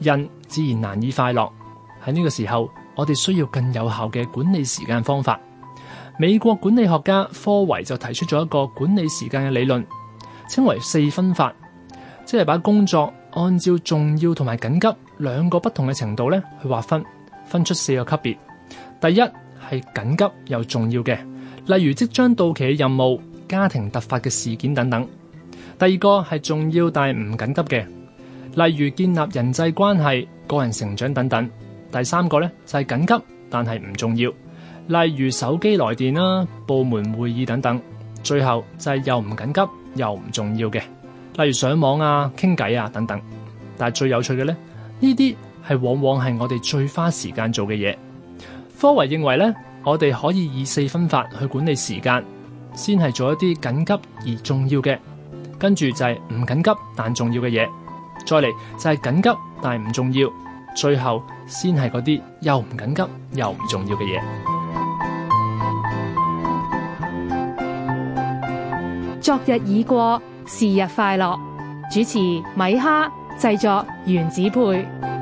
人自然難以快樂。喺呢個時候，我哋需要更有效嘅管理時間方法。美國管理學家科維就提出咗一個管理時間嘅理論，稱為四分法，即係把工作按照重要同埋緊急兩個不同嘅程度咧去劃分，分出四個級別。第一係緊急又重要嘅，例如即將到期嘅任務、家庭突發嘅事件等等。第二個係重要但係唔緊急嘅。例如建立人際關係、個人成長等等。第三個咧就係緊急但係唔重要，例如手機來電啦、部門會議等等。最後就係又唔緊急又唔重要嘅，例如上網啊、傾偈啊等等。但係最有趣嘅咧，呢啲係往往係我哋最花時間做嘅嘢。科維認為咧，我哋可以以四分法去管理時間，先係做一啲緊急而重要嘅，跟住就係唔緊急但重要嘅嘢。再嚟就係、是、緊急但係唔重要，最後先係嗰啲又唔緊急又唔重要嘅嘢。昨日已過，是日快樂。主持米哈，製作原子配。